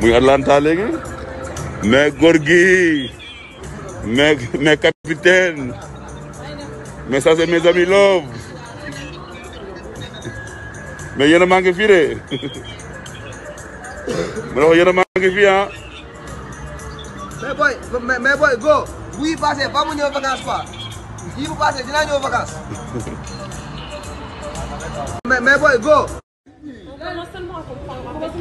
muy Atlanta léegi mais góor gi mais mais capitaine mais ça c'est love mais yéen a maa ngi fi de ma ne ngi fi ah. boy mais boy go bu yi passé ba mu ñëw vacances quoi yi bu passé boy go.